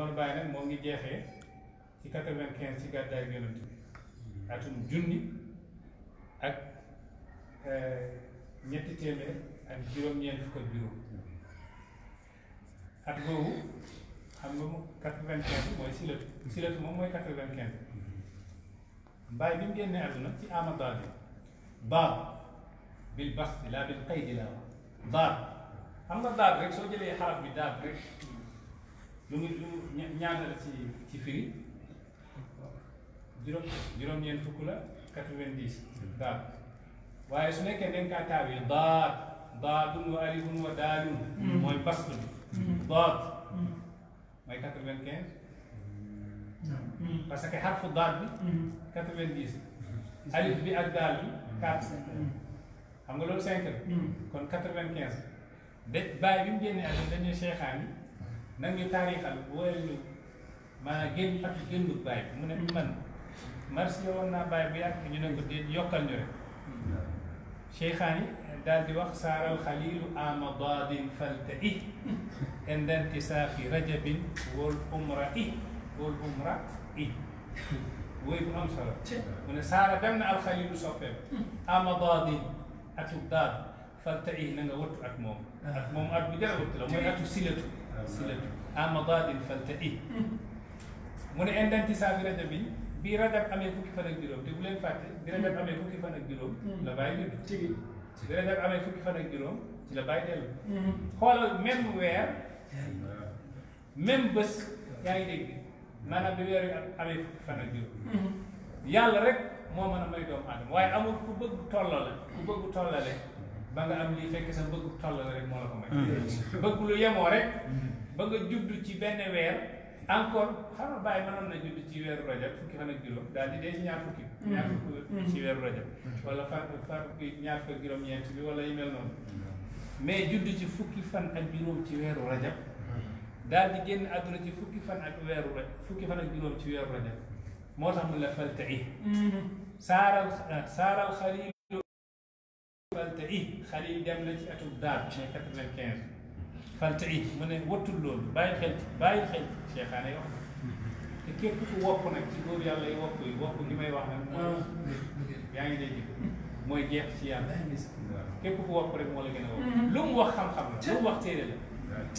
Soxna Baye nag moo ngi jeexee ci quatre-vingt-quinze ci gàddaay ak yonent bi atum junni ak euh, ñetti téeméer ak juróom-ñeent fukk ak juróom at boobu xam nga moom quatre-vingt-quinze mooy silatu moom mooy quatre-vingt-quinze Baye bi mu génnee àdduna ci Amadou bi baar bil bas bi laa bil xëy di laa wax xam nga daal rek soo jëlee xarab bi daal rek. lu ngi lu ñaata la ci ci firi juróom juróom waaye su nekkee dañ kaa taawee daat daatun wa alifun wa daalun mm-hmm. mooy bast bi mm-hmm. daat mm-hmm. mooy quatre-vingt-quinze parce que xarfu daat bi quatre vingt alif bi ak daal bi quatre xam nga loolu cinq kon quatre-vingt-quinze de bàyyi bi mu génnee ak dañuy na ñu taarixal wóoree ñu maanaam génn fàttali génnut bàyyi mu ne man marché woon naa bàyyi bu yàgg ñu ne ko déet yokkal ñu rek Cheikhaani daal di wax saaral xaliilu ama daadin falta i inda intisaafi rajabin wal umra i wal umra i wooy bu am solo mu ne saara dem na alxaliilu soppeem ama daadin atuk daad falta i na nga wattu ak moom ak moom at bu jar wattu la mooy atu silatu silatu amadadin faltai mu ne in dantisaabi rajab bi bii rajab amee fukki fan ak juróom te leen fàtte bi rajab amee fukki fan ak juróom la bàyyi judd bi rajab amee fukki fan ak juróom ci la bàyyi dellu xoolal même weer même bés yaa ngi dégg yàlla rek moo mën a may doomu aadama waaye amul ku bëgg tollale ku bëgg tollale ba nga am lii fekk sa bëgg tolloo rek moo la ko may mm-hmm. bëgg lu yemoo rek mm-hmm. ba nga jublu ci benn weer encore xam nga bàyyi mënoon na judd ci weeru rajab fukki fan ak juróom dal di dee mm-hmm. ci ñaar fukki ñaar fukki ci weeru rajab wala fan fan fukki ñaar fukki mais judd ci fukki fan ak juróom ci weeru rajab daal di génn àdduna ci fukki fan ak weeru rajab fukki fan ak juróom ci weeru rajab moo tax mu la falta i saaral saaral xalil falte i yi dem na ci atum daar mais quatre-vingt-quinze falte i mu ne wattul loolu bàyyi xel ci bàyyi xel ci Cheikhaane wax te képp ku wopp nag ci góor yàlla yi wopp yi wopp li may wax nag mooy ah. yaa ngi dégg mooy jeex ci yàlla képp ku wopp rek moo la gën a wopp mm-hmm. lu mu wax xam-xam la lu mu wax téere la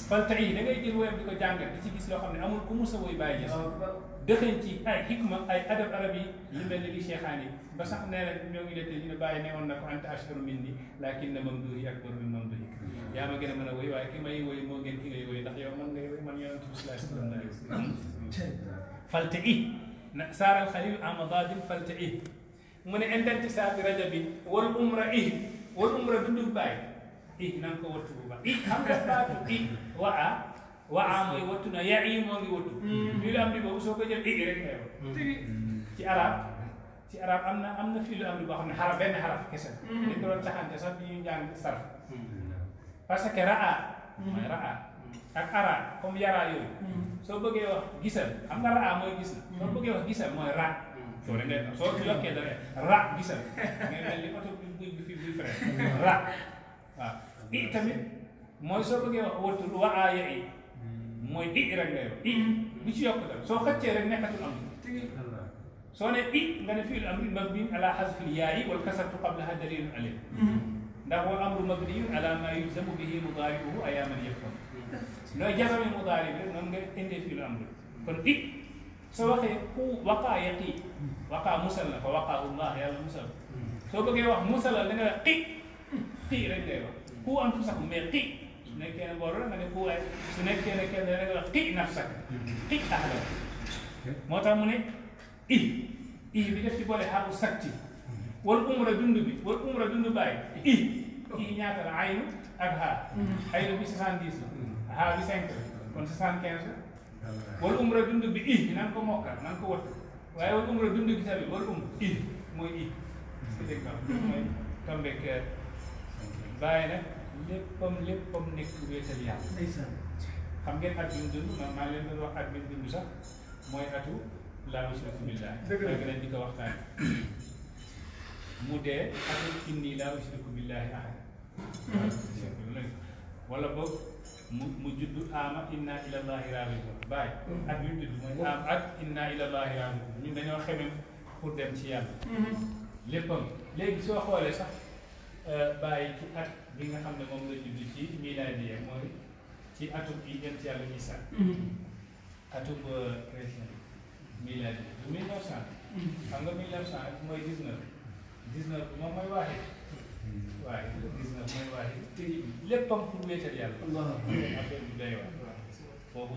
falta yi da ngay jël woyam di ko jàngat di ci gis loo xam ne amul ku musa woy bàyyi gis dëxañ ci ay xikma ay adab arab yi yu mel ni li cheikhaan yi ba sax nee na ñoo ngi dette ñu ne bàyyi newoon na ko anta ashharu min ni lakin na mamduhi akbar min mamduhik yaa ma gën a mën a woy waaye ki may woy moo gën ki ngay woy ndax yow man ngay woy man yonente bi sallallahu alayhi wa sallam falte i na saaral xalil amadadin falte i mu ne indanti saa bi raja bi wal umra i wal umra dundub bàyyi ih nan ko wattu ba ih kam ko ba to ih wa, wa'a moy wattu na ya'i mo ngi wattu mi la amdi bo so ko jël ih rek ngay wax ci arab ci arab amna amna fi lu amdi bo xamne haraf ben haraf kessa ni ko don taxante sax bi ñu jang sarf parce que ra'a moy ra'a ak ara comme yara yoy so bëggé wax gisal am nga ra'a moy gis so bëggé wax gisal moy ra' so da ngay so ci lokkee da ra gisal ngay mel ni oto bi bi fi bi frais ra waaw تامين موي سو بغي ووتو لو عاي موي دي غير نيو دي شي يوكو دا سو خاتي رك نيكاتو ام سو ني دي غن في الامر المبني على حذف الياء والكسر قبلها دليل عليه دا هو الامر مبني على ما يلزم به مضارعه ايام يفهم لا جزم المضارع من غير اندي في الامر كون دي سو وقت هو وقع يقي وقع مسلم فوقع الله يا مسلم سو بغي واخ مسلم لنا قي قي رك نيو ku anfusakum mais xi su nekkee ne booru la ne ku waaye su nekkee ne kenn da nga wax xi nafsak xi ahla moo tax mu ne i i bi def ci boole xaaru sakti wal umra dund bi wal umra dund bàyyi i i ñaata la aynu ak bi i nan ko mokkal nan ko wattu waaye wal umra dund bi tamit wal umra i mooy i est-ce que dégg bàyyi nag léppam léppam nekk wéetal yàlla xam ngeen at bi mu dund man maa mooy atu laa ushrika di ko waxtaan mu dee wala boog mu judd mooy am at inna dañoo xemem pour dem ci mm-hmm. léppam léegi soo xoolee sax Euh, bàyyi ci at bi nga xam ne la judd ci milaadiya mooy ci atub yi ñent yàlla ñuy sàkk atub chrétien milaadiya du mille mm-hmm. xam nga mille neuf cent ak mooy dix neuf dix neuf moom mooy mm-hmm. te pour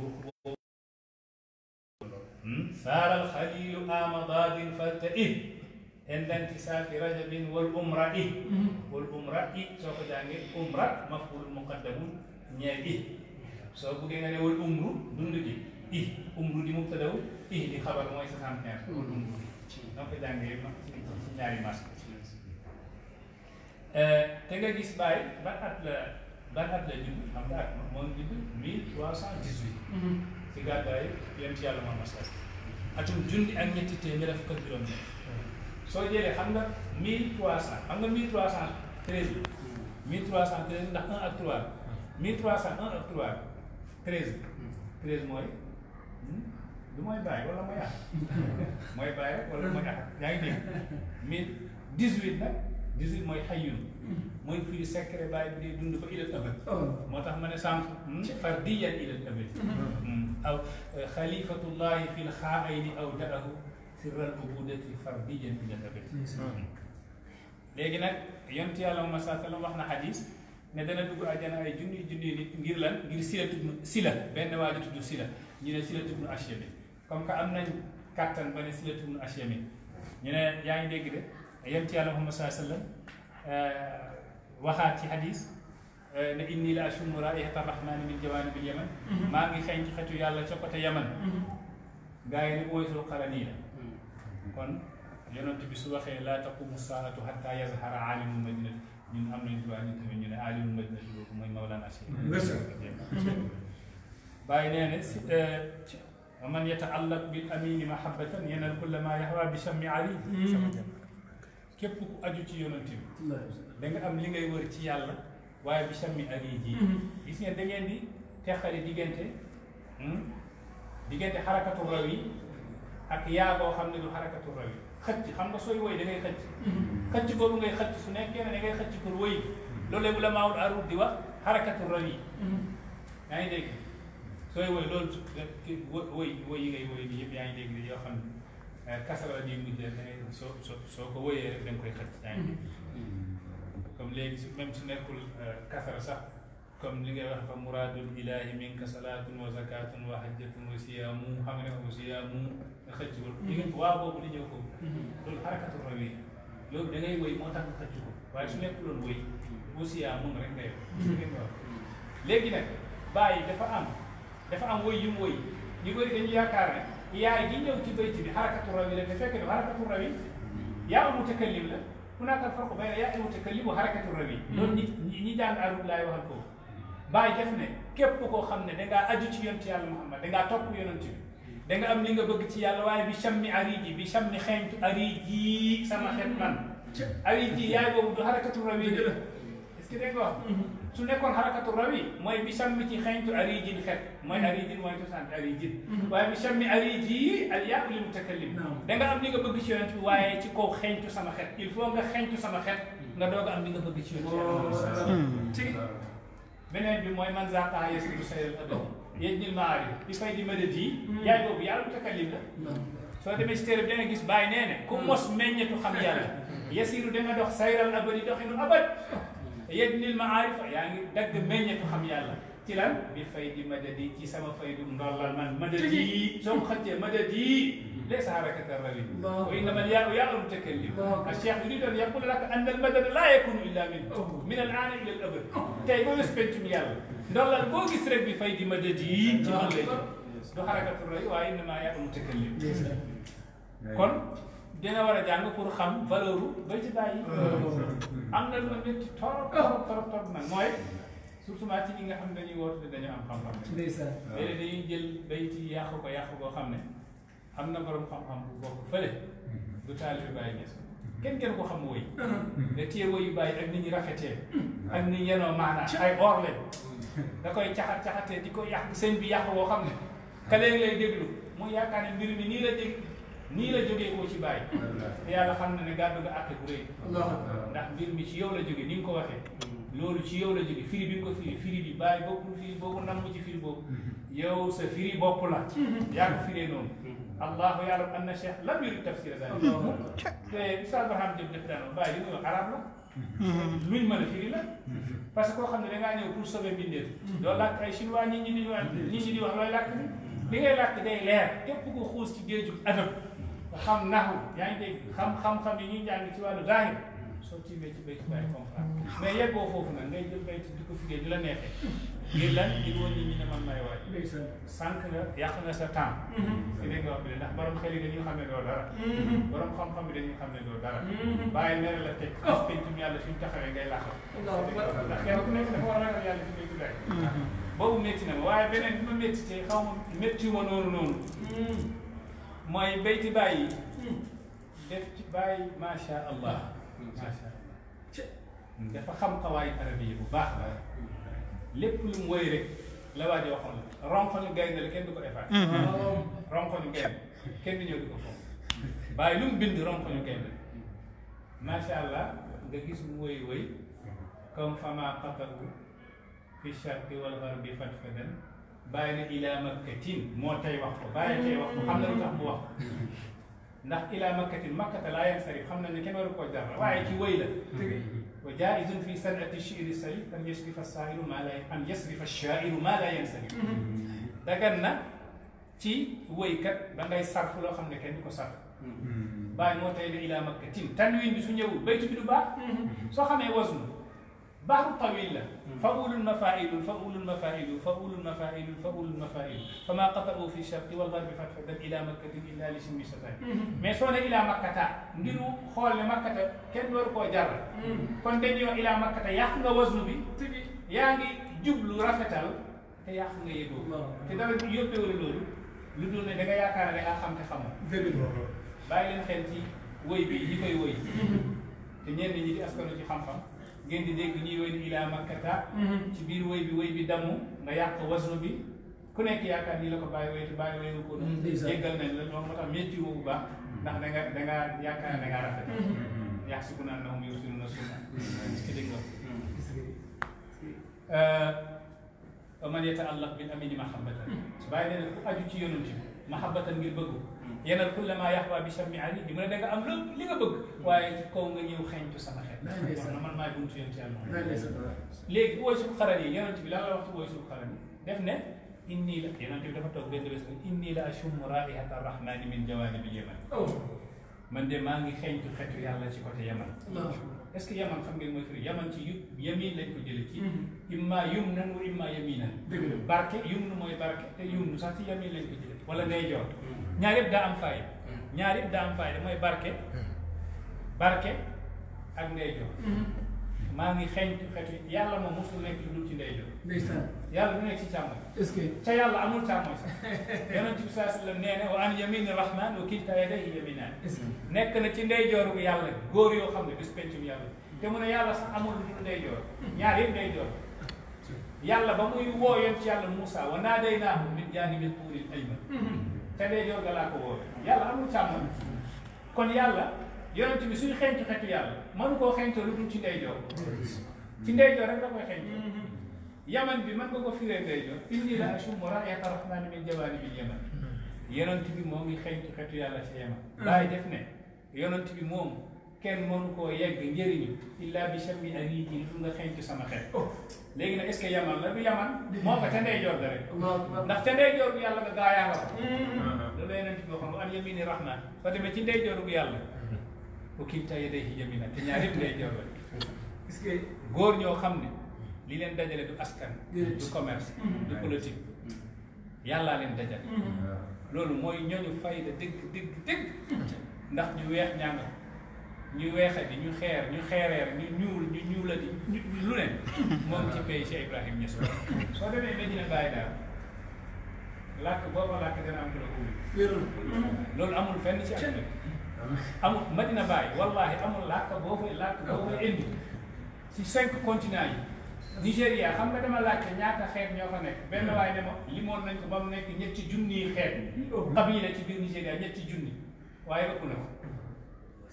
affaire day wax hendan kisah rajabin wal umrati mm-hmm. wal umrati so ko jangir umrat maful muqaddamun nyadi so ko ngene wal umru dundu ji ih umru di mubtada ih di khabar moy sa sam ter mm-hmm. wal umru no ko jangir ma mas mm-hmm. euh te nga gis bay ban at la ban at la jibbi xam nga at mo jibbi 1318 ci gàddaay yent yàlla ma masal atum jundi ak ñetti téeméer fukk soo jëlee xam nga mille trois cent xam nga mille trois cent treize bi mille trois cent treize ndax un ak trois mille trois cent un ak trois treize treize mooy hmm? du mooy bàyyi wala mooy àq mooy bàyyi wala mooy àq yaa ngi dégg mille dix huit nag dix huit mooy xayun mooy firi secret bàyyi bi day dund ba ilal abad oh. moo tax ma ne sànq hmm? fardiyan ilal abad hmm. aw xalifatullahi fil xaayni aw daahu سر العبودة الفردية من الأبد لكن يوم تي الله مساء الله وحنا حديث ندنا دوغ اجانا اي جوني جوني نيت غير لان غير سيله سيله بن واجي تدو سيله ني نه سيله تبن اشيمي كوم كا امنا كاتان بن سيله تبن اشيمي ني نه ياي ديغ دي يوم تي الله مساء الله ا وخات في حديث اني لا اشم رائحه الرحمن من جوانب اليمن ماغي خنج خاتو يالا تشوكو يمن غاي ني اويسو قرانيه kon yonent bi su waxee laa taqumu saatu xatta yazhara aalimu madinati ñun am nañ droit ñun tamit ñu ne aalimu madinati boobu mooy Mawlana Cheikh bàyyi nee ne si ci man yataallaq bil amini mahabbatan yenal kulla ma yaxwa bi shammi ali képp ku aju ci yonent bi da nga am li ngay wër ci yàlla waaye bi shammi ali ji gis ngeen da ngeen di teqale diggante diggante xarakatu raw yi ak yaa boo xam ne du xarakatu raw yi xëcc xam nga sooy woy da ngay xëcc mm-hmm. xëcc boobu ngay xëcc su nekkee ne da ngay xëcc pour woy mm-hmm. loolu bu la maawul arut di wax xarakatu raw yi mm-hmm. yaa ngi dégg sooy woy loolu woy woy yi ngay woy bi yëpp yaa ngi dégg yoo xam ne eh, kasara di mujjee da ngay soo soo ko woyee rek da koy xëcc yaa ngi dégg comme su même su nekkul eh, kasara sax كم لي وخف مراد الاله منك صلاه وزكاه وحجة وصيام حمل وصيام خج ولي بواب بني جوكم دول حركه الروي لو دا غاي وي موتا خجكو واي سو نيكو دون وي وصيام رك داي لغي نك باي دا فا ام دا فا ام وي يم وي ني بوري دا نيو ياكار يا جي نيو تي بيتي بي حركه الروي لا فيك حركه الروي يا متكلم لا هناك الفرق بين يا المتكلم وحركه الروي ني ني دان ارو لا يوهكو bàyyi def ne képp koo xam ne dangaa aju ci yonent yàlla muhammad dangaa topp yonent bi da nga am li nga bëgg ci yàlla waaye bi sammi arij yi bi sammi xeeñtu arij yi sama xet man arij yi yaay boobu du xarakatu rawi de mhm. su nekkoon xarakatu rawi mooy bi sammi ci xeeñtu arijin xet mooy mhm. arijin mooy cosaan arijin mhm. waaye bi sammi arij yi al mutakallim da nga am li nga bëgg ci yonent bi waaye ci kaw xeeñtu sama xet il faut nga xeeñtu sama xet nga doog am li nga bëgg ci yonent beneen bi moy man zaataa yaslu sayral abadi yejnil maari bi fay di madad di yaay boobu yàlla takalim la so demé ci téré bi gis bay néne ku mos meññetu xam yàlla yasiru de nga dox sayral abadi doxinu abad yejnil maarif yaa ngi dagg meññetu xam yàlla ci lan bi fay di madad yi ci sama fay du ndolal man madad yi soo xëccee madad yi ليس حركة الرجل نعم. وإنما الياء ياء المتكلم نعم. الشيخ يريد أن يقول لك أن المدد لا يكون إلا منه من الآن إلى الأبد كيف يسبنتم نعم. ياء دولا البوغ يسرق بفايد مددين تمالي دو حركة الرجل وإنما ياء المتكلم كون dina wara jang pour xam valeur ba ci bayyi am na lu nit torop torop torop nak moy surtout ma ci nga xam dañuy wor dañu am xam xam ci ndeysa dañuy jël bayti yaax ko yaax go xamne am na borom xam-xam bu bokk fële mhm. du taalibi Baay Ñas mhm. kenn kenn ko xam woy mhm. ne téye woyu bàyyi ak ni ñu rafetee ak ni yenoo maanaa ay or lañ da koy caxat-caxatee di ko yàq sëñ bi yàq woo xam ne ka léegi lay déglu mu yaakaar ne mbir mi nii la dégg nii la jógee koo ci bàyyi te yàlla xam na ne gàddu nga àtte bu rëy ndax mbir mi ci yow la jógee ni ko waxee loolu ci yow la jóge firi bi nga ko firi firi bi bàyyi bokkul firi boobu nam mu ci firi boobu yow sa firi la yaa ko الله يعلم ان الشيخ لم يرد تفسير ذلك مثال برهان جيب نفران باي يوم يقرب له لوين مال فيري لا باسكو خا نني غا نيو بور سوبي مين دير دو لاك اي شينوا ني ني ني ني ني واخ لاي لاك دي غي لاك دي لير كيب كو خوس تي ديو جوب ادب خام نحو يعني دي خام خام خام ني جان تي والو ظاهر سو تي مي تي بي تي باي كومبرا مي يي بو فوف نان دي جيب بي تي ديكو فيغي دي لا نيفي li la ngir woon ñi ñu ne man may waaj sànq na yàq sa temps mhm. si dégg nga wax bi de ndax borom xel yi dañuy xam ne loolu dara mhm. borom xam-xam bi dañuy xam ne loolu dara mhm. bàyyi mere la teg as oh. pencum yàlla suñ taxawee ngay làq ndax kenn ku nekk dafa war a ragal yàlla si ngay tuddaay boobu métti na ma waaye beneen bi ma métti te xaw ma métti ma noonu noonu mooy bayti bàyyi def ci bàyyi macha allah macha allah dafa xam xawaayu arabiya bu baax la lépp lu mooy rek la waa ji waxoon la ronkoñu gaynde la kenn du ko effacer. ronkoñu gaynde kenn du ñëw di ko foofu bàyyi lu mu bind ronkoñu gaynde macha allah nga gis woy woy comme fama qatalu fi sharqi wal gharbi fatfadan bàyyi na ila makkatin moo tey wax ko bàyyi tey wax ko xam na lu tax mu wax ndax ila makkatin makkata laa yansarif xam nañ ne kenn waru koo jar waaye ci woy la. wa jaizun fi sanati shiri sayid an yasrifa sairu ma la an yasrifa shairu ma la yansani dagan na ci wëykat ba ngay sarf loo xam ne kenn du ko sarf bàyyi moo tay la ilaa makkatin tanwin bi su ñëwul baytu bi du baax soo xamee wasnu بحر طويل له فأولوا المفاعيل فأولوا المفاعيل فأولوا المفاعيل فأولوا المفاعيل فما قطعوا في الشرق والغرب فاتحدت إلى مكة إلا لشم شتان mais soo ne ilaa makkata mbiru xool ne makkata kenn waru koo jar kon dañoo ilaa makkata yàq nga wasnu bi yaa ngi jublu rafetal te yàq nga yëgoo te dara yóbbeewul loolu lu dul ne da nga yaakaar ne yaa xam te xamoo bàyyi leen xel ci woy bi yi koy woy te ñenn ñi di askanu ci xam-xam ngeen di dégg ñuy ilaa makkata mhm. ci biir woy bi woy damu nga yàq wasnu bi ku nekk yaakaar nii la ko bàyyi woy ko noonu mhm, jéggal la ñoom moo tax métti wu bu baax ndax da nga da nga yaakaar da nga rafet mhm. yàq si ku naan na mu yor na sunna gis nga dégg euh, man yata allah bil amini mahabbatan su bàyyi nee ku aju ci yonent bi mahabbatan ngir bëgg yenal ku la maa yaxwa bi shammi ali di mu ne da nga am lépp li nga bëgg waaye ci kaw nga ñëw xeeñtu sama xel na man maay buntu yonent yàlla léegi wooy sub xaral yi yonent bi lan la waxtu wooy sub xaral yi def ne inni la yonent bi dafa toog benn bés inni la ashum raihata rahmani min jawanibi yaman man de maa ngi xeeñtu xetu yàlla ci côté yaman est-ce que yaman xam ngeen mooy firi yaman ci yu yamin lañ ko jële ci imma yumnan wa imma yaminan barke yumnu mooy barke te yumnu sax ci yamin lañ ko jële wala ndey joor mm. ñaar yëpp daa am fayda mm. ñaar yëpp daa am fayda mooy barke mm. barke ak ndey joor mm-hmm. maa ngi xeeñtu xeetu yàlla moom mosul nekk lu dul ci ndey joor yàlla du nekk ci càmmoñ est ca yàlla amul càmmoñ sax yonent bi saa sallam nee ne wa an yamini rahman wa kiltaa yadayhi yaminaan nekk na ci ndey jooru yàlla góor yoo xam ne bis pencum yàlla te mu ne yàlla sax amul lu dul ndey ñaar yëpp ndey يلا بموي وو يوم يلا موسى وناديناه من جانب الطور الأيمن تبي جور قال أكو يلا أنا مشامن كن يلا يوم تبي سوي خنت خنت يلا ما نكو خنت لو تبي تبي جور تبي جور أنا بقول خنت يمن بمن بقول في رجع جور إني لا أشوف مرا يا ترحمان من جواني في اليمن يوم تبي مومي خنت خنت يلا في اليمن لا يدفنه يوم تبي مومي kenn moom koo yegg njëriñu illa bi shammi anit yi lu nga xencu sama xel oh, léegi nag est ce que yaman la du yaman moo ko te ndeyjoor ga rek ndax te ndeyjoor bu yàlla nga gaa yaa nga ko mm-hmm. mm-hmm. loolu yeneen ci waxoon an yamini rahman soo demee ci ndeyjoor bu yàlla bu mm-hmm. kilta yadayhi te ñaar yëpp ndeyjoor la est que góor ñoo xam ne li leen dajale du askan du commerce du politique yàllaa leen dajale loolu mooy ñooñu fayda dëgg dëgg dëgg ndax ñu weex ñaa ñu weexa di ñu xeer ñu xeereer ñu ñuul ñu ñuula di ñu lu ne moom ci pay Cheikh Ibrahim Niass soo demee Medina Baye daal làkk booba làkk dana am loolu amul fenn ci àdduna amul Medina Baye wallaahi amul làkk boo koy làkk boo koy indi ci cinq continents yi Nigéria xam nga dema laajte ñaata xeet ñoo fa nekk benn waay ne ma nañ ko ba mu nekk ñetti junniy xeet xabiila ci biir Nigéria ñetti junni waaye ëpp na ko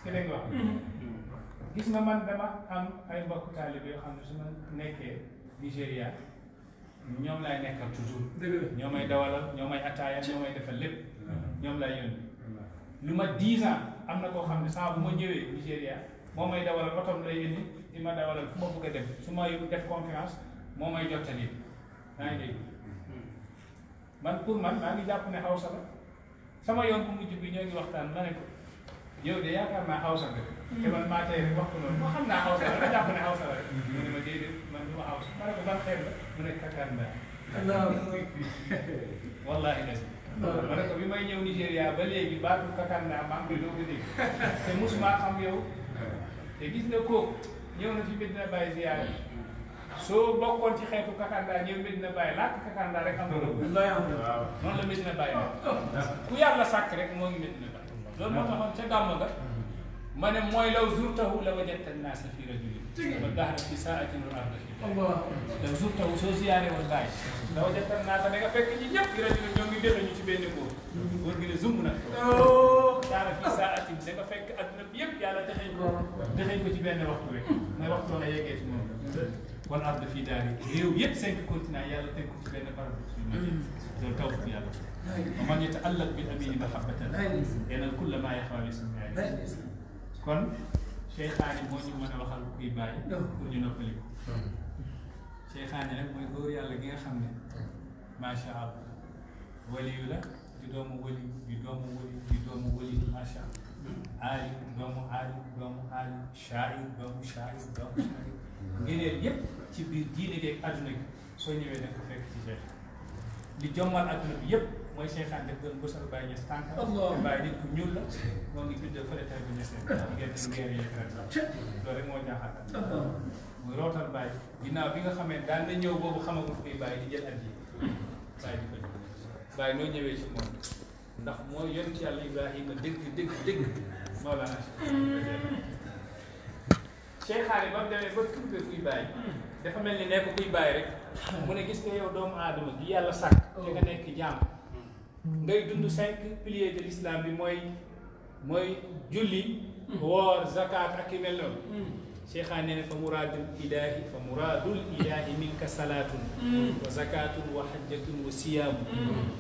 si wax mm-hmm. gis na man dama am ay mbokk taalibe yoo xam ne su ma nekkee Nigéria ñoom laay nekkal toujours ñoo may dawalal ñoo may ataaya ñoo may defal lépp mm-hmm. ñoom laay yónni mm-hmm. lu ma dix ans am na koo xam ne saa bu ma ñëwee Nigéria moo may dawalal otom lay yónni di ma dawalal fu ma bëgg a dem su may def conférence moo may jottali maa ngi dégg man pour man maa ngi jàpp ne xaw sa sama yoon mujj bi ñoo ngi waxtaan ma ne ko yow de yaakaar naa xawsa nga de. Mm. te man maa tey ko noonu xam naa xawsa ma ne xawsa la rek. ne ma déedéet ma xawsa ma ne ko ban xeet la mu ne Dakar Mbaye. wallaahi na si. ma ne ko bi may ñëw Nigéria ba léegi baatu Dakar Mbaye maa ngi koy doog a dégg te musuma xam yow. te gis na kooku ñëw na ci Medina Baye ziyaare soo bokkoon ci xeetu kakanda ñëw Medina Baye laata kakanda rek am na loolu. waaw noonu la Medina Baye ku yàlla sàkk rek moo ngi Medina لما تكون تجمعات من المويل او زرته لوجدت الناس في رجل ودهر في ساعة ورابة لو زرته سوزياني والداي لوجدت الناس انا فكي يب في رجل جميع دير نيو تبين نبو ورقل زمنا دهر في ساعة سيما فك أدنب يب يالا تخيب دخيب تبين الوقت بك ما وقت ولا يجيت مو والأرض في داري ريو يب سيما كنتنا يالا تنكو تبين فرد ومن يتعلق بأبيه محبة لا يزني لأن الكل ما يخاف من اسم يعني. لا كون شيخان موني من وخل كي باي كوني نقولي شيخان لك موي غوري على جين خمن ما شاء الله ولي ولا يدوم ولي يدوم ولي يدوم ولي ما شاء الله عالي دوم عالي دوم عالي شاعر دوم شاعر دوم شاعر غير يب تبي دينك أجنك سويني بينك فيك تجاه لجمع أجنك يب mooy seexaan def doon bësal Baye Niass tànk te Baye nit ku ñuul la moom ngi juddoo fële tey bu Niass ngeen ngeen yëkkati loolu rek moo jaaxal muy rootal Baye ginnaaw bi nga xamee daan na ñëw boobu xamagul kuy Baye di jël at yi Baye di ko ñëw Baye noo ñëwee ci moom ndax moo yonent yàlla Ibrahima dégg dégg dégg Mawlana seexaan yi ba mu demee ba tuube kuy Baye hmm. dafa mel ni nekk kuy Baye rek mu ne gis nga yow doomu aadama gi yàlla sàkk oh. te nga nekk jaam ngay dund 5 piliers de l'islam bi mooy mooy julli woor zakat ak i mel noonu cheikha nee na fa muraadul ilahi fa muraadul ilahi minka salatun wa zakatun wa hajjatun wa siyam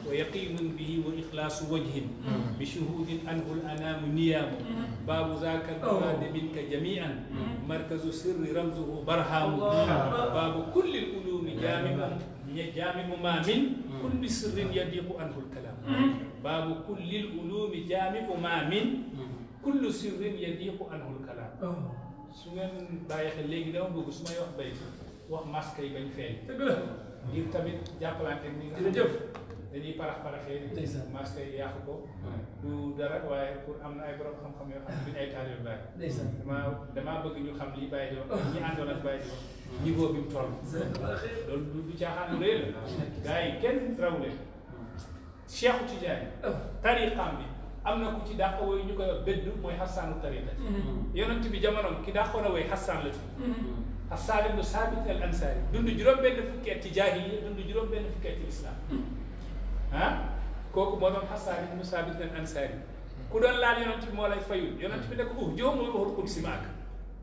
wa yaqimun bihi wa ikhlaasu wajhin bi shuhudin anhu al anam niyam baabu zaaka almuraade minka jamian markazu sirri ramzuhu barhaamu baabu kulli ulumi jaamiun يجامع ما من كل سر يضيق عنه الكلام باب كل العلوم جامع ما من كل سر يضيق عنه الكلام آه. سمن بايخ ليغ داو بوغ سما يوخ بايخ واخ ماسكاي بن فين دير تامت جابلانتي ني جيف dañuy parax paraxee. ndeysaan masque ko. du dara waaye pour am na ay borom xam-xam yoo xam ne duñ ay taalibe Baay. ndeysaan damaa damaa bëgg ñu xam li Baay di wax ñi àndoon ak Baay di wax niveau bi mu toll. loolu du caaxaan lu la. gars yi kenn raw leen. Cheikhu Tidiane. Oh. tariqam bi am na ku ci dàq woy ñu ko wax beddu mooy Hassanu tariqa. Mm-hmm. yonent bi jamonoom ki dàqoon a woy Hassan la tudd. Mm-hmm. Hassan ibnu Saabit al Ansaari dund juróom-benn fukki at ci jaahiliya dund juróom ها كوكو مو دون حصاري مسابت الانصاري كو دون لا يونتي مولاي فايو يونتي نك بو جو مو روح القدس ماك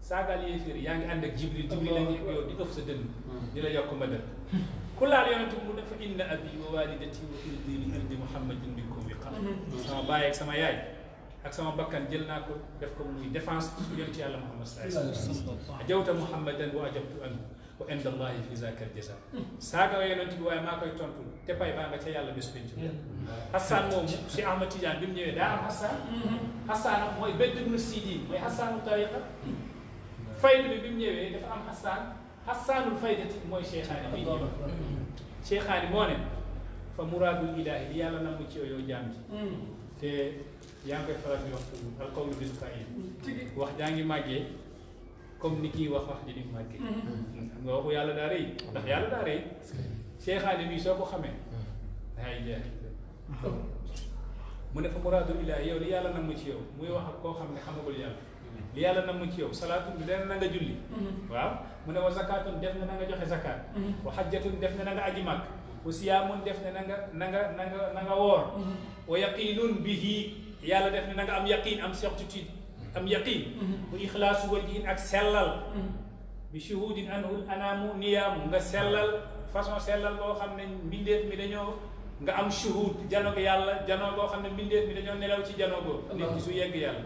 ساغال يفير ياغي عندك جبريل جبريل لا نيو يو ديف سا دن ديلا يوكو مدد كو لا يونتي مو دف ان ابي ووالدتي وارضي لارض محمد بكم بقلب سما باي سما ياي اك سما بكان جيلنا كو ديفكو مو ديفانس يونتي الله محمد صلى الله عليه وسلم جوت محمدا واجبت انه وعند الله في ذاك الجزاء ساغا وينون تي واي ماكاي تونتو تي باي باغا تي يالا بيسبنتو حسان مو سي احمد تيجان بيم نيوي دا ام حسان حسان موي بيد بن سيدي موي حسان الطريقه فايد بي بيم نيوي دا ام حسان حسان الفايده موي شيخاني بي شيخاني مو ني فمراد الاله دي يالا نامو تي يو جامي تي يانكاي فراغ ني وقتو القوم بالقائم واخ جانغي ماجي comme ni kii wax wax ji ni mu màggee xam nga waxu yàlla daa rëy ndax yàlla daa rëy seexaane bi soo ko xamee mm-hmm. daay jeex mu ne fa muraadu illaahi yow li yàlla namm ci yow muy wax ak koo xam ne xamagul yàlla li yàlla namm ci yow salaatun bi dana na nga julli mm-hmm. waaw mu ne wa zakatun def na na nga joxe zakat mm-hmm. wa xajjatun def na na nga aji màkk wa def ne nanga nga na nga na woor wa yaqiinun bihi yàlla def ne na nga am yaqiin am certitude am yaqin bu mm-hmm. ixlaasu wajhin ak sellal mm-hmm. bi shuhudin anhul anaamu niyaamu nga sellal façon sellal boo xam ne mbindeef mi dañoo nga am shuhud janoog yàlla janoo loo xam ne mbindeef mi dañoo nelaw ci janoo boobu nit ki su yegg yàlla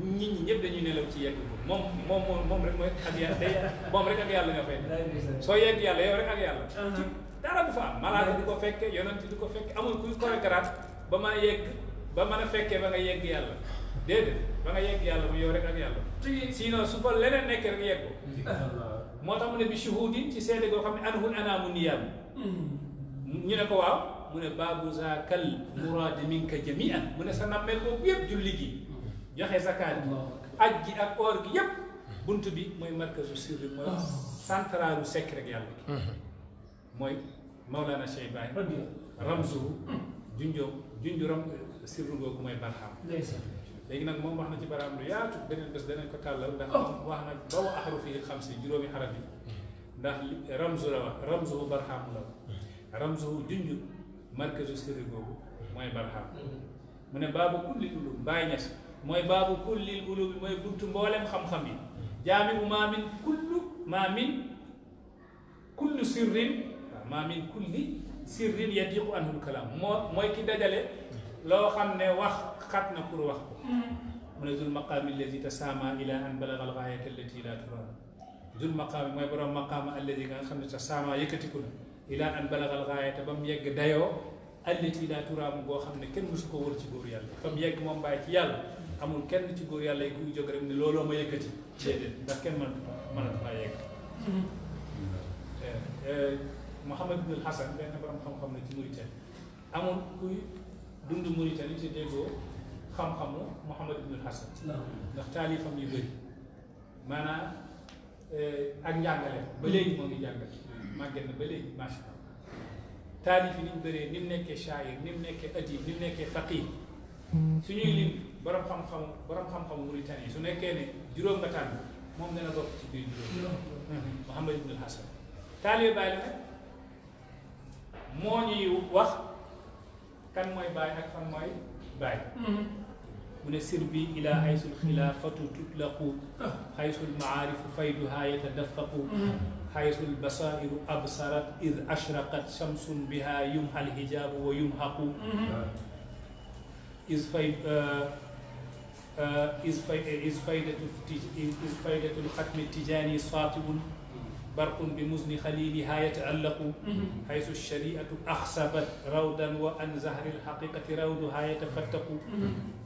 nit ñi ñëpp dañuy nelaw ci yegg moom moom moom moom rek mooy ak yàlla day moom rek ak yàlla nga fay soo yegg yàlla yow rek ak yàlla uh-huh. dara du fa am malaaka du ko fekke yonent du ko fekke amul kuy koragaraat ba mën a yegg ba mën a fekkee ba nga yàlla ba yàlla mu yow rek yàlla sinon su fa leneen moo tax mu ne bi shuhudin ci seede goo xam ne anhun anaamu niyaam hmm. ñu ne ko waaw mu ne baabu zaakal muraadi minka jamian mu ne sa nammeel boobu yëpp julli gi hmm. joxe zakaat bi aj gi ak oor gi yëpp hmm. bunt bi mooy markazu sirri mooy ah. centralu sekk rek yàlla mooy Maulana Cheikh Ibrahim ramzu junju ram sirru googu mooy barxam léegi nag moom wax na ci baraam lu yaatu beneen bés danañ ko tàllal ndax moom wax na ba wa axaru fii xamsi juróomi xaraf yi ndax ramzu la wax ramzu barxaam la wax ramzu junj markazu sirri boobu mooy barxaam mu ne baabu kulli ulum bàyyi ñes mooy baabu kulli ulum mooy buntu mboolem xam-xam yi jaami bu maa min kullu maa min kullu sirrin waaw maa min kulli sirrin yadiqu anhul kalaam moo mooy ki dajale loo xam ne wax خط نكور وحكو من ذو المقام الذي تسامى إلى أن بلغ الغاية التي لا ترى ذو المقام ما يبرى المقام الذي كان خمسة تسامى يكتكون إلى أن بلغ الغاية بم يك دايو التي لا ترى من جوا خمسة كن مشكو ورتش غوريال بم يك مم بايت يال أمون كن تش غوريال يكو يجوا من لولو ما يكتي شيدن بكن من من تبايك آه، محمد بن الحسن بن أبراهيم خم خم نتيموريتان أمون كوي دون دموريتان يجي دايو xam-xamu Mouhamad ibnul Hasan ndax taalifam yu bëri maanaam ak njàngale ba léegi moo ngi jàngale màgget na ba léegi macha allah taalif yi ni mu bëree ni mu nekkee shaayir ni mu nekkee adib ni mu nekkee faqih suñuy lim borom xam-xam borom xam-xamu Mauritanie su nekkee ne juróom nga tànn moom dana bokk ci biir juróom Mouhamad ibnul Hasan taalibe Baay la nag moo ñuy wax kan mooy Baay ak fan mooy Baay من السرب إلى حيث الخلافة تطلق حيث المعارف فيدها يتدفق حيث البصائر أبصرت إذ أشرقت شمس بها يمحى الحجاب ويمحق إذ فيد آه، آه، إذ فيدة الختم التجاني صاطب برق بمزن خليلها يتعلق حيث الشريعة أخصبت رودا وأن زهر الحقيقة رودها يتفتق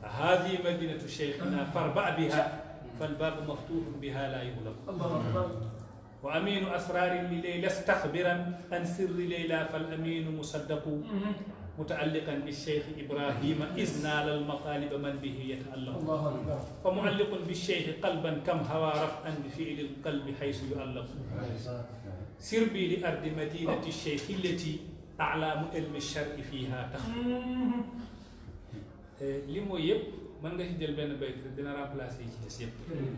هذه مدينة شيخنا فاربع بها فالباب مفتوح بها لا يغلق الله أكبر وأمين أسرار لليلى استخبرا أن سر ليلى فالأمين مصدق متعلقا بالشيخ إبراهيم إذ نال المطالب من به يتألق فمعلق بالشيخ قلبا كم هوى رفعا بفعل القلب حيث يعلق سر بي لأرض مدينة الشيخ التي أعلام علم الشرع فيها تخفى إيه، لمو يب من غير جل بين بيت دينا رامبلاسي ci إيه.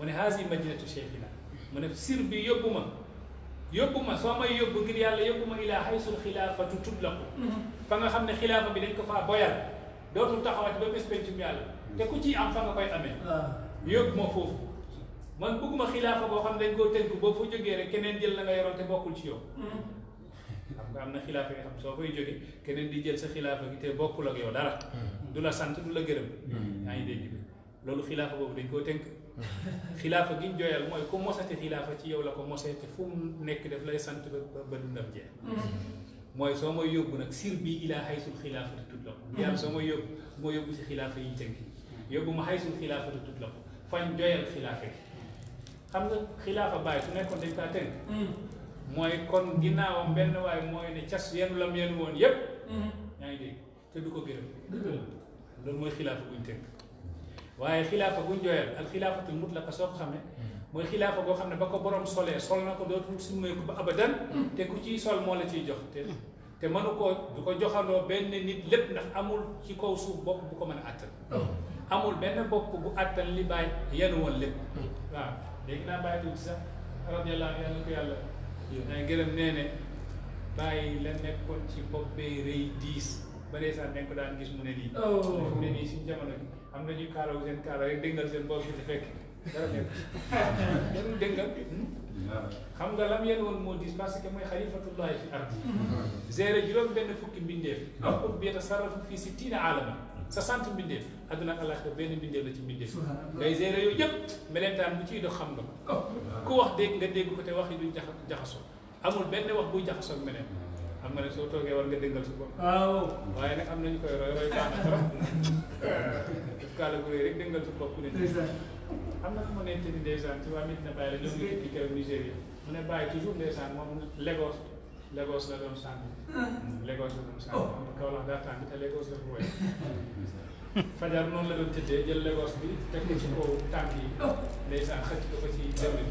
من هذه مدينه ne hazi madinatu sheikhina يوبما سوما يوب غير يالا يوبما الى حيث الخلافه تطلق فما خمن خلافه بين كفا بويال دوتو تاخوات با بيس بنت ميال تي كوتي ام فما باي امي آه. يوب ما فوف من بوغما خلافه بو خمن دنجو تنكو بو فو جوغي رك كنين ديل لا يورون تي بوكول سي يوب amna khilafa yi xam so koy joge keneen di jël sa khilafa gi te bokkul ak yow dara du la sant du la gërëm yaa ngi dégg bi loolu khilafa boobu dañ koo tënk xilaafa gi ñu jooyal mooy ku mosate xilaafa ci yow la ko mosate fu nekk daf lay sant ba ba dundam jeex mooy soo may yóbbu nag sir bi ilaa xaysul xilaafati tut la ko yàlla soo moo yóbbu si xilaafa yi jëngi yóbbu ma xaysul xilaafati tut la ko fañ jooyal xilaafa yi xam nga xilaafa bàyyi su nekkoon dañ kaa tënk mooy kon ginnaawam benn waay mooy ne cas yenu lam yenu woon yépp mm-hmm. mooy xilaafa buñ tënk waaye xilaafa buñ jooyal al xilaafatul mutlaqa soo ko xamee mooy xilaafa boo xam ne ba ko borom solee sol na ko dootul summeeku ba abadan te ku ciy sol moo la ciy jox te te mënu ko du ko joxandoo benn nit lépp ndax amul ci kaw suuf bopp bu ko mën a àttan amul benn bopp bu àttan li bàyyi yenu woon lépp waaw léegi naa bàyyi tuuti sax radiallahu anhu yàlla ko yàlla ay gërëm nee ne bàyyi la nekkoon ci bopp bee rëy diis ba dee sax nekk daan gis mu ne nii mu ne nii suñu jamono bi am na ñuy kaalawu seen kaala rek dëngal seen bopp di fekk dara nekk xam nga lam yeen woon moo diis parce que mooy xalifatullahi fi ardi géré juróom benn fukki mbindeef akob ah. bieta sarrafu fii si tiina aalama sa sant mbindeef adduna ak alaxira benn mbindeef la ci mbindeef ngay géré yooyu yëpp melentaan bu ciy dox xam na ko oh. ku wax dégg nga dégg ko te wax yi duñ jaxasoo amul benn wax buy jaxasoo meneen xam nga soo toogee war nga dëngal su bopp. waaye nag am nañu koy roy roy baax na trop. def kaala gu rëy rek dëngal su am na ku ma nekk ni ndeysaan ci waa Medina Baye la ñoom ñu ngi keroog Nigéria mu ne Baye toujours ndeysaan moom Lagos Lagos la doon sànni. Ah. Lagos la doon sànni oh. moom Kaolack daa tànn te Lagos la ko wéy. fajar noonu la doon tëddee jël Lagos bi teg ko ci kaw tànk yi oh. ndeysaan xëcc ko ko ci jëmm bi.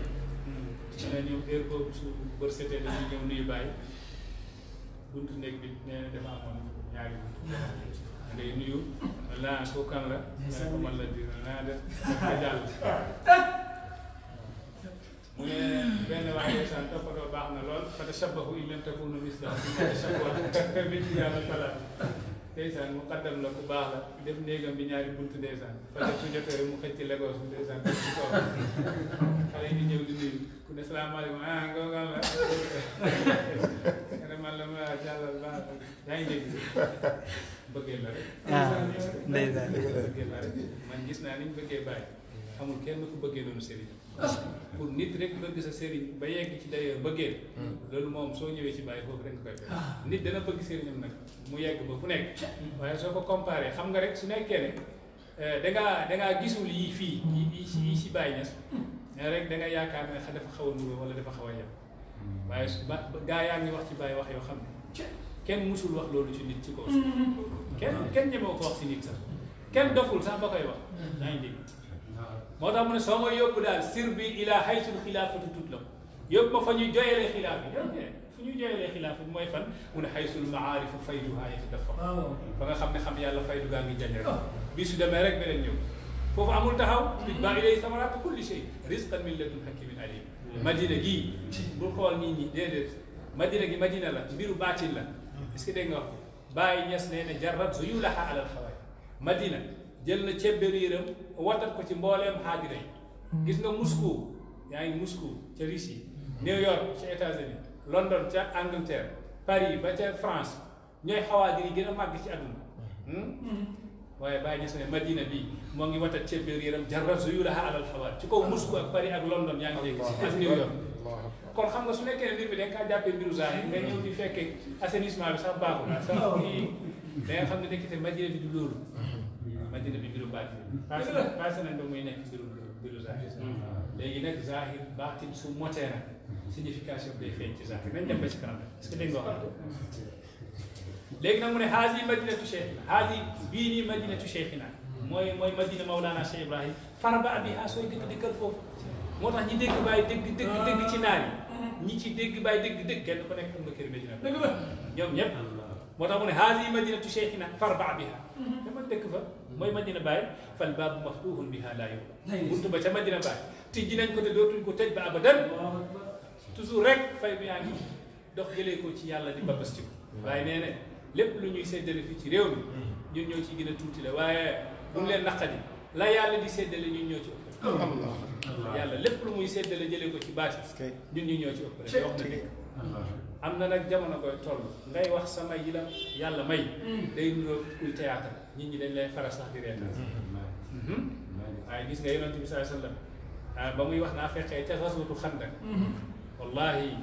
Hmm. mu ne ñoom heure boobu su bër setee dañuy ñëw nuyu Baye. buntu néeg bi nee na dafa amoon ñaari buntu ngay nuyu laa ko kan la nga ko man la dina naa def nga jàll mu ne benn waaye ndeysaan toppatoo baax na lool fa tashabbahu in lam takunu mislahu bi yàlla fala ndeysaan mu xaddam la ku baax la def néegam bi ñaari buntu ndeysaan fa def su jotee mu xëcc Lagos ndeysaan ko ci kaw xale yi di ñëw di nuyu ku ne salaamaaleykum ah nga kan la jàllal la yaa ngi dégg bëggee la rek. ah ndeysaan bëggee la rek man gis naa ni mu bëggee bàyyi amul kenn ku bëggee noonu sëriñ pour nit rek bëgg sa sëriñ ba yegg ci d'ailleurs bëggee loolu moom soo ñëwee ci bàyyi foofu rek nga koy dana bëgg sëriñam nag mu yegg ba fu nekk waaye soo ko comparé xam nga rek su nekkee ne dangaa dangaa gisul yi fii yi yi si bàyyi ñas rek da nga yaakaar ne dafa xaw a nuroo wala dafa xaw a yem waaye su ba gaa yaa ngi wax ci bàyyi wax yoo xam ne كان مسؤول واخ لولو تي نيت كوس كان كان نيمو كو واخ نيت سان كان دوفول سان باكاي واخ داي ندي مودا مون سو مو يوب دال سير بي الى حيث الخلافه توت لو يوب ما فاني جوي لي خلافه فني جوي لي خلافه موي فان مون حيث المعارف فيدها يتدفق فما خم خم يالا فيد غامي جاندي بيسو دمي رك بلن نيو فوف امول تاهو تتبع الي ثمرات كل شيء رزقا من لدن حكيم عليم مدينه جي بو خول ني ني ديدت madina gi madina la mbiru baatin la est ce que dégg nga wax bàyyi ñes nee ne jarrat su yulaha alal xaway madina jël na cebberiiram watat ko ci mbooleem xaajira yi gis nga Moscou yaa ngi Moscou ca Russie New York ca États-Unis London ca Angleterre Paris ba ca France ñooy xawaadir yi gën a màgg ci àdduna waaye bàyyi ñes ne madina bi moo ngi watat cebberiiram jarrat su yulaha alal xaway ci kaw Moscou ak Paris ak London yaa ngi dégg ak New York kon xam nga su nekkee mbir bi da nga kaa jàppee mbiru zaahir nga ñëw di fekkee assainissement bi sax baaxul ah sax kii da nga su ne nekkite matière bi du loolu. Hmm. matière bi mbiru baatin. Hmm. passé na passé hmm. léegi nag su motee nag signification bi day ci zaahir nañ dem ba ci kanam est-ce que dégg nga wax léegi nag mu ne haasi madinatu cheikhina haasi bii nii madinatu cheikhina mooy mooy madina Mawlana Cheikh Ibrahim farba abiha sooy dëkk dëkkal foofu. moo tax ñi dégg bàyyi dégg dégg dégg ci naar yi ñi ci dégg bàyyi dégg dégg kenn ku nekk xam nga kër Medina dëgg la ñoom ñëpp moo tax mu ne haasi madinatu cheikhina farbaa biha dama dëkk fa mooy madina bàyyi fal baabu maftuhun biha laa yow buntu ba ca madina bàyyi tijji nañ ko te dootuñ ko tëj ba abadan toujours rek fay bi yaa ngi dox jëlee ko ci yàlla di babasti ko waaye nee ne lépp lu ñuy séddale fii ci réew mi ñun ñoo ci gën a tuuti la waaye bu ñu leen naqadi la yàlla di séddale ñun ñoo ci ëpp يلا لب لو ميسي دل جلي كتي باش نيو نيو تي أوبلا أم نانا جام أنا كوي تول غاي واخ سما يلا يلا ماي دين رو كل تياتر نيو نيو دين لين فرس نهدي رياتر أي جيس غاي نانتي بسال سلم بامي واخ نافع كي تغز وتو خندق والله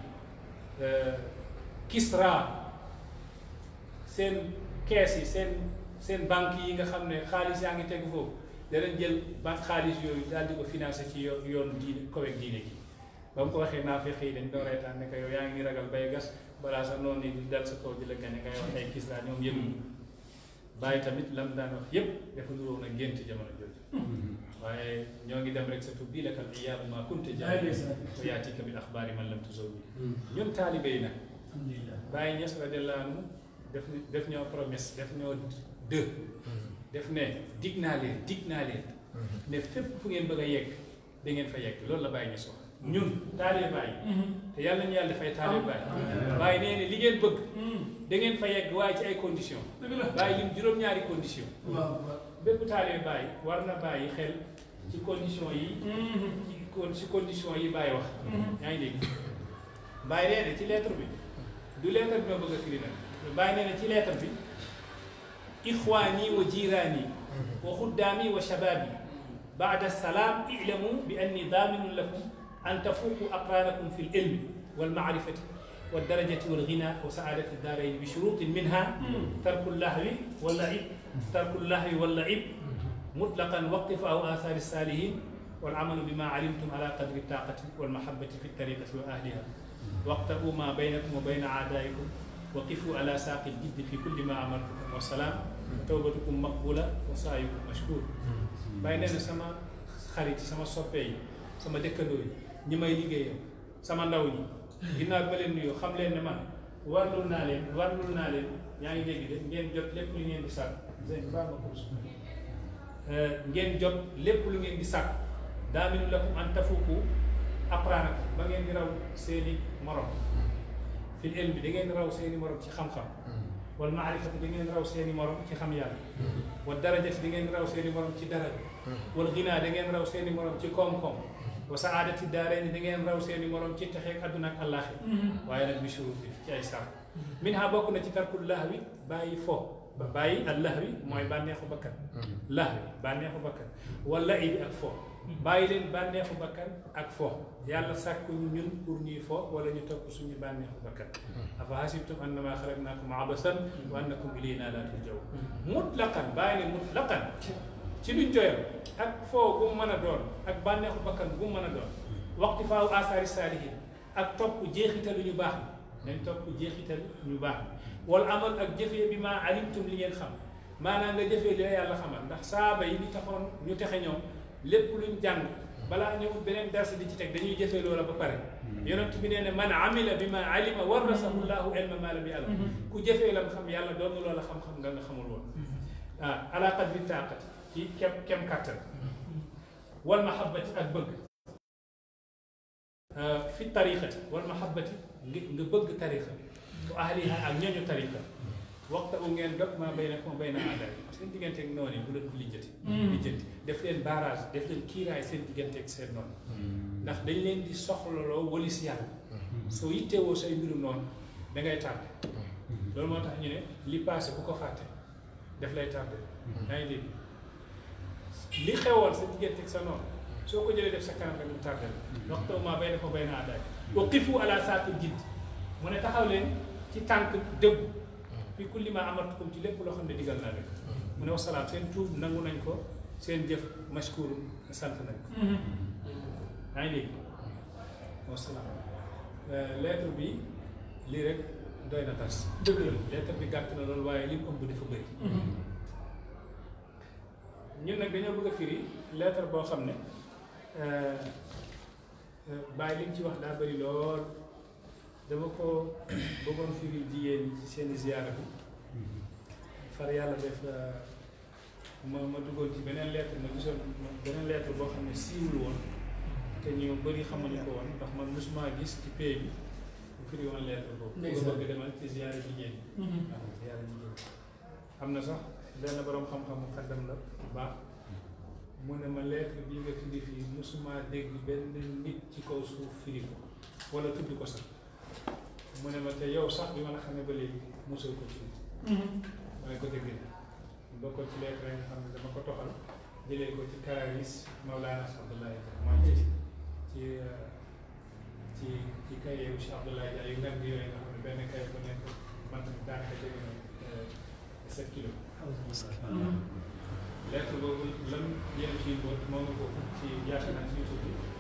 كسرى سين كاسي سين سين بانكي يغا خامني خالص ياغي تيغ فوق danañ jël ba xaalis yooyu daal di ko financé ci yoon yoonu diine koweeg diine ba mu ko waxee naa fexe yi dañ doon reetaan ne ko yow yaa ngi ragal bay gas balaa sa noonu di dal sa kaw di la gañe ngay wax ay gis laa ñoom yëpp bàyyi tamit lam daan wax yëpp def nuroon a gént jamono jooju mm-hmm. waaye ñoo ngi dem rek sa tub bii la kam i yaabu maa kunte jaay ko yaatika bil axbaari man lam tuso bi mm-hmm. ñun taalibe yi nag Baye Niass radiyallaahu anhu def def ñoo promesse def ñoo dë mm-hmm. def ne dig naa leen dig naa leen mhm. ne fépp fu ngeen bëgg a yegg da ngeen fa yegg loolu la Baye ñu soxla mhm. ñun taalee Baye mhm. te yàlla ñu yàlla dafay taalee Baye Baye nee ne li ngeen bëgg da ngeen fa yegg waaye ci ay condition Baye juróom-ñaari condition bépp taalee Baye war na bàyyi xel ci condition yi ci condition yi Baye wax yaa ngi dégg Baye nee ne ci lettre bi du lettre bi ma bëgg a firi nag nee ne ci lettre bi إخواني وجيراني وخدامي وشبابي بعد السلام اعلموا بأني ضامن لكم أن تفوقوا أقرانكم في العلم والمعرفة والدرجة والغنى وسعادة الدارين بشروط منها ترك اللهو واللعب ترك اللهو واللعب مطلقا وقف أو آثار السالحين والعمل بما علمتم على قدر الطاقة والمحبة في الطريقة وأهلها واقتروا ما بينكم وبين أعدائكم وقفوا على ساق الجد في كل ما أمرتكم والسلام tawbatukum maqbula wa sa'yukum mashkur hmm. bàyyi nee sama xarit sama soppe yi sama dëkkandoo yi ñi may liggéeyam sama ndaw ñi ginnaaw ba leen nuyoo xam leen ne man warlul naa leen warlul naa leen yaa ngi dégg de ngeen jot lépp lu ngeen di sàkk euh, ngeen jot lépp lu ngeen di sàkk daaminu lakum an tafuku apraanak ba ngeen di raw seeni morom fil ilmi da ngeen raw seeni morom ci xam-xam والمعرفة دقين راو سيني مرم كي خميار والدرجة دقين راو سيني مرم كي درجة والغنى دقين راو سيني مرم كي كوم كوم وسعادة الدارين دقين راو سيني مرم كي تحيق أدنك الله وعينك بشروط كي أيسان منها بوكنا كي ترك اللهوي باي فوق باي الله اللهوي موي بانيخو بكر لهوي بانيخو بكر واللعب أكفو bàyyi leen bànneexu bakkan ak fo yàlla sàkku ñun pour ñuy fo wala ñu topp suñu bànneexu bakkan afa hasibtum annama xalaqnaakum abasan wa annakum ilayna la turjaw mutlaqan bàyyi leen mutlaqan ci luñ joyal ak fo bu mën a doon ak bànneexu bakkan bu mën doon waxti faaw asaari saalihin ak topp jeexitalu ñu baax ni nañ jeexital ñu baax ni amal ak jëfee bi maa alimtum li ngeen xam maanaam nga jëfee li yàlla xamal ndax saaba yi ñu taxoon ñu texe ñoom lépp luñ jàng balaa ñëw beneen dars di ci teg dañuy jëfee loola ba pare yonent bi nee ne man amila bi ma alima warasahu llahu ilma ma lam ya'lam ku jëfee lam xam yàlla doon na loola xam-xam nga nga xamul woon ah ala qadri taaqati ci kem kem kàttan wal mahabbati ak bëgg fi tariqati wal mahabbati nga bëgg tariqa bu ahliha ak ñooñu tariqa waxta u ngeen dog maa bay nag maa bay na aada seen digganteeg noonu yi bu leen ko lijjati mm. lijjati def leen barrage def leen kiiraay seen digganteeg seen noonu mm. ndax dañ leen di soxlaloo walis yàlla mm. soo yittewoo sa mbirum noonu da ngay tardé loolu moo tax ñu ne li passé bu ko fàtte def lay tardé yaa li xewoon sa digganteeg sa noonu soo ko jëlee def sa kanam rek mu waxta u maa bay nag maa bay na aada waqifu ala saati jidd mu ne taxaw leen ci fi kulli ma amartukum ci lépp loo xam ne digal naa rek mm-hmm. mu ne wasalaam seen tuub nangu nañ ko seen jëf mashkur sant nañ ko maa mm-hmm. ngi dégg euh, bi lii rek doy na tas dëgg la lettre bi gàtt na loolu waaye lim mu bu dafa bëri mm-hmm. ñun nag dañoo bëgg a firi lettre boo xam ne euh, euh, bàyyi li mu ci wax daa bëri lool دابا كو بوغون في ديال سين زياره فار يالا ديف ما ما دوغول تي بنين ليتر ما غيسون بنين ليتر بو خامي سيول وون تي نيو بري خامني كو وون داخ ما نوش ما غيس تي بي فري وون ليتر بو بو بوغ ديمال تي زياره دي ديال زياره دي ديال خامنا صح بن بروم خام خام مقدم لا با مو نما ليتر بي نغا تي دي في نوش ما ديغ بن نيت تي كو سو فريكو ولا تودي كو صح mu ne ma te yow sax bi ma la xamee ba léegi mosoo ko ci nit ma ne ko dëgg la bokkoon ci lettre yi nga xam ne dama ko toxal jëlee ko ci Kararis Mawlana Abdoulaye mooy ci ci ci ci kaye wu Cheikh Abdoulaye Dia yu ngan bi yooyu nga xam ne benn kaye bu nekk man daanaka jege na sept kilo lettre boobu lam yéen ci mbóot moo ko ci yaakaar naa ci YouTube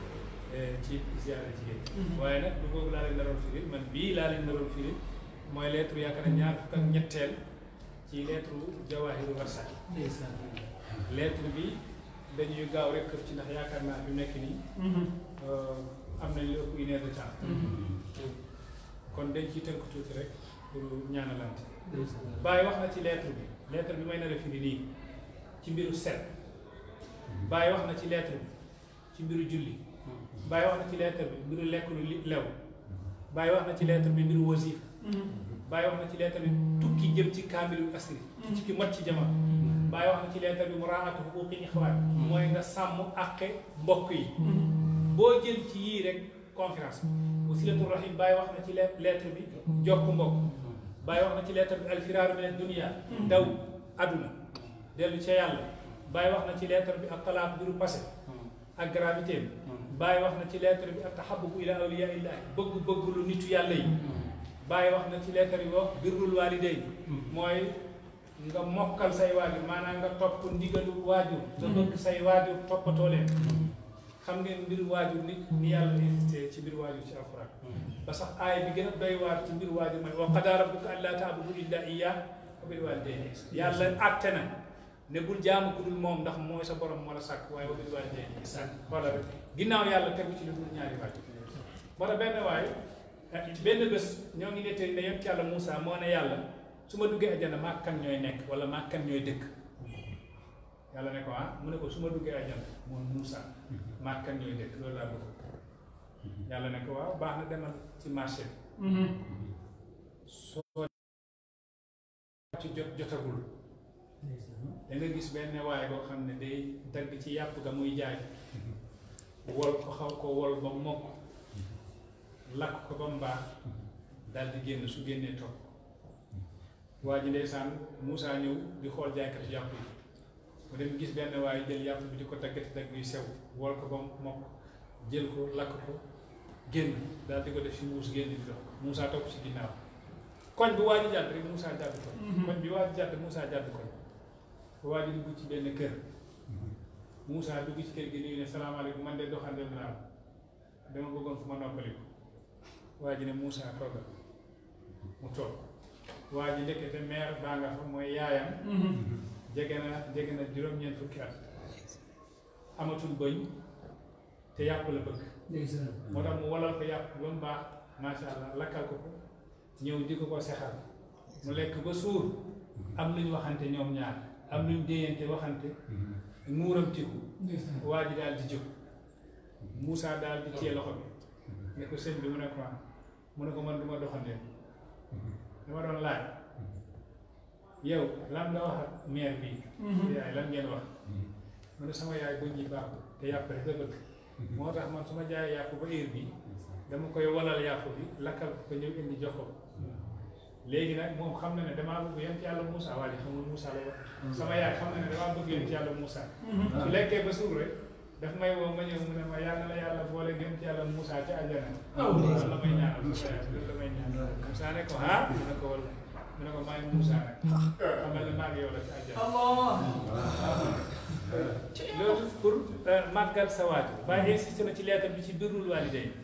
ci ziyaare jigéen waaye nag du boobu laa leen naroon firil man bii laa leen naroon firil mooy lettre yaakaar naa ñaar fukk ak ñetteel ci lettre jawaahiru warsaki lettre bi dañuy gaaw rek këf ci ndax yaakaar naa bi nekk nii mm-hmm. am nañ lu ëpp une heure mm-hmm. kon dañ ci tënk tuuti rek pour ñaanalante bàyyi wax na ci lettre bi lettre bi may nar a firi nii ci mbiru set mm-hmm. bàyyi wax na ci lettre bi ci mbiru julli Baye wax na ci lettre bi mbiru lekk lu lew Baye wax na ci lettre bi mbiru wasif Baye wax na ci lettre bi tukki jëm ci kaamilul asri ci ki mat ci jama Baye wax na ci lettre bi mu raatu xuquqi ixwaan mooy nga sàmm àqe mbokk yi boo jël ci yii rek conférence wasilatul rahim Baye wax na ci lettre bi jokk mbokk Baye wax na ci lettre bi alfiraaru min dunia daw aduna dellu ca yàlla Baye wax na ci lettre bi ak talaaq duru passé ak gravité bàyyi wax na ci lettre bi ak taxabubu ila awliya illah bëgg bëgg lu nitu yàlla yi bàyyi wax na ci lettre yi wax nga mokkal say wadi maanaam nga topp ndigalu waajur nga bëgg say waajur toppatoo leen xam ngeen mbir waajur ni ni yàlla insisté ci mbir waajur ci alquran ba sax aay bi gën a doy waar ci mbir waajur mooy wa qadaa rabbuka allaa taabudu illa iyyaahu wa bil waalidayni yàlla atte na ne bul jaamu ku dul ndax mooy sa borom moo la sàkk waaye wa bil waalidayni ihsaana xoolal rek ginnaw yalla tegu ci lu ñaari waay moo tax benn way eh, benn bes ñoo ngi nettali ne yonent yalla musa mo ne yalla suma duggé aljana ma kan ñoy nek wala ma kan ñoy dekk yalla ne ko ha ah, mu ne ko suma duggé aljana mo musa ma kan ñoy dekk lo la bëgg yalla ne ko waaw baax na demal ci marché mm-hmm. soo ci jot jotagul da nga gis benn waay boo xam ne day dagg ci yàpp ga muy jaay wol ko xaw ko wol ba moom lakk ko ba mu baax di génn su génnee topp waa ji ndeysaan Moussa ñëw di xool jaaykatu yàpp yi mu dem gis benn waaye jël yàpp bi di ko daggati dagg yu sew wol ko ba mokk jël ko lakk ko génn daal di ko def si muus génn di dox Moussa topp si ginnaaw koñ bu waa ji jàdd rek Moussa jàdd koñ mhm. koñ bi waa ji jàdd Moussa jàdd koñ waa ji dugg ci benn kër Moussa dugg ci kër gi nuyu ne salaamaaleykum man de doxandem naa dama bëggoon fu ma noppaliku waa ji ne Moussa togga mu toog waa ji ndekete mère baa nga fa mooy yaayam jege na jege na juróom-ñeent fukki at amatul bëñ te yàpp la bëgg moo tax mu walal ko yàpp ba mu baax macha allah lakkal ko ko ñëw di ko ko sexal mu lekk ba suur am luñ waxante ñoom ñaar am luñ déyante waxante muuram tiku waa ji daal di jóg Moussa daal di téye loxo bi ne ko bi mu ne ko man mu ne ko man du ma doxandee dama doon laaj yow lan nga wax ak maire bi mhm. yaay lan ngeen wax mu ne sama yaay bu ñuy baaxul te yàpp rek la bëgg mhm. moo tax man su ma jaayee yàpp ba heure bi dama koy walal yàpp bi lakkal ko ñëw indi jox ko léegi nag moom xam na ne damaa bëgg yonent yàlla Moussa waaye xam nga Moussa la wax sama yaay xam na ne damaa bëgg yonent yàlla Moussa su lekkee ba suur rek daf may woo ma ñëw mu ne ma yàlla la yàlla boole yonent yàlla Moussa ca àjjana loolu la may ñaanal loolu la may ñaanal Moussa ne ko ah mu ne ko wala mu ne ko maa ngi Moussa nag xamal ne maa ngi yow la ca àjjana loolu pour euh, màggal sa waajur bàyyi insisté na ci leetar bi ci birrul waalidayni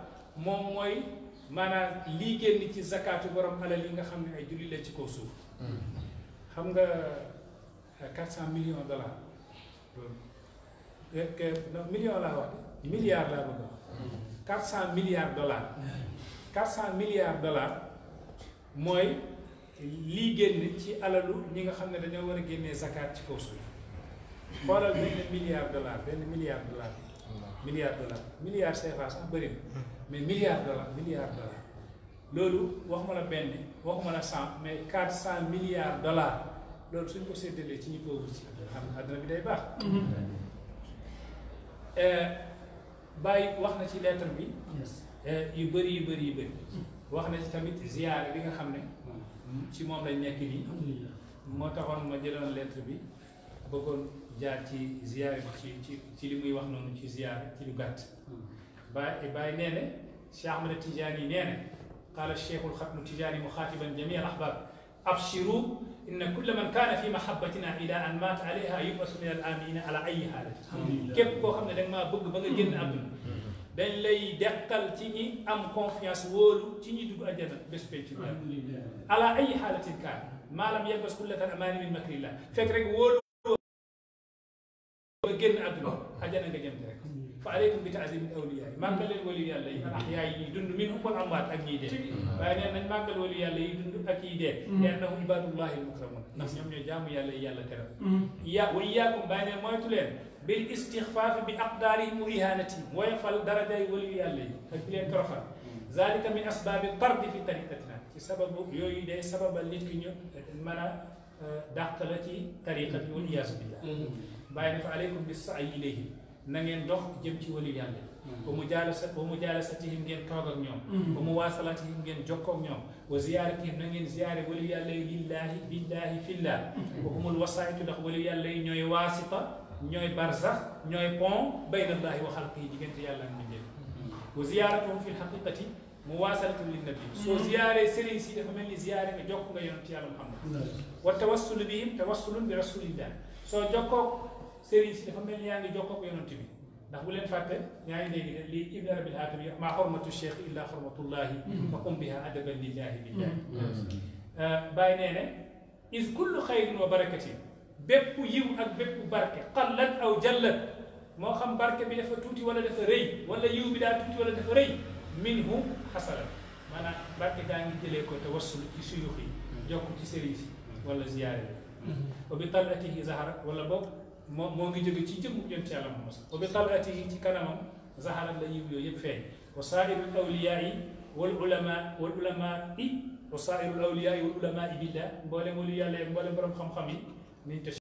moom mooy maanaa lii génn ci zakaatu borom alal yi nga xam ne ay julli ci kaw suuf xam nga euh, quatre cent millions dollars euh, million laa wax milliard laa bëgg wax quatre cent milliards dollars quatre cent milliards dollars mooy lii génn ci alalu ñi nga xam ne dañoo war a génnee zakaat ci kaw suuf xoolal benn milliard dollars benn milliard dollars milliard dollars milliard CFA sax bëri na hmm. mais milliards dollars milliards dollars loolu waxuma la benn waxuma la cent mais quatre cent milliards dollars loolu suñ ko séddalee ci ñu pauvre ci xam àdduna bi day baax mm-hmm. euh, bàyyi wax na ci lettre bi euh, yu bëri yu bëri yu bëri mm-hmm. wax na tamit ziyaare bi nga xam ne ci moom lañ nekk nii moo taxoon ma jëloon lettre bi bëggoon jaar ci ziyaare bi ci ci li muy wax noonu ci ziyaare ci lu gàtt mm-hmm. باي باي نيني الشيخ احمد التجاني نيني قال الشيخ الختم التجاني مخاطبا جميع الاحباب ابشروا ان كل من كان في محبتنا الى ان مات عليها يبعث من الامين على اي حال كيف كو خامنا داك ما بوج باغا ген ادنا دنج لي dekkal تي ñi am confiance wóolu ci ñi dugg àjjana bés penc bi ala ay xaalatin kaan maalam yelbas kullatan amaani min makrillah fekk rek wóolu ba génn àdduna oh. فعليكم بتعزيم الاولياء ما قال الولياء اللي الاحياء يدن منهم والاموات اكيد فان آه. يعني ما قال الولياء اللي يدن اكيد لانه عباد الله المكرمون ناس يوم جامو يا اللي يلا ترى يا وياكم ما تلين بالاستخفاف باقدارهم واهانتهم ويفعل درجه الولياء اللي تكلين ترخى ذلك من اسباب الطرد في طريقتنا سبب يوي دي سبب اللي منا آه، داخلتي طريقه الولياء بالله بعد فعليكم بالسعي اليهم na ngeen dox jëm ci wali yàlla ba mu jaalasa ba mu jaalasatihim ngeen toog ak ñoom ba mu waasalaatihim ngeen jokkoo ak ñoom wa ziyaaratihim na ngeen ziyaare wali yàlla yi lillahi billahi fillah wa humul wasaayitu ndax wali yàlla yi ñooy waasita ñooy barzax ñooy pont baynallahi wa xalqihi diggante yàlla ak mbindéef wa ziyaaratuhum fi lxaqiqati mu waasaltum lin nabi soo ziyaaree sëriñ si dafa mel ni nga jokk nga yonent yàlla Muhammad wa tawassul bihim tawassulun bi rasulillah soo jokkoo sëriñ si dafa mel ni yaa ngi jokkoo ak yonent bi ndax bu leen fàtte yaa ngi dégg ne lii ibn arabil haatami maa xormatu cheikh illa xormatullahi fa qum biha adaban lillahi billahi bàyyi nee ne is kullu xayrin wa barakatin bépp yiw ak bépp barke qallat aw jallat moo xam barke bi dafa tuuti wala dafa rëy wala yiw bi daa tuuti wala dafa rëy minhu xasalat maanaam barke daa ngi jëlee ko tawassul ci suyux yi jokk ci sëriñ si wala ziyaare bi wa bi talatihi zaharat wala boobu موجي جوجي جم يوم تعلم موسى وبطلعته تكلم زهر الله يبيو يبفين وصائر الأولياء والعلماء والعلماء وصائر الأولياء والعلماء بالله بولم أولياء خم خمي من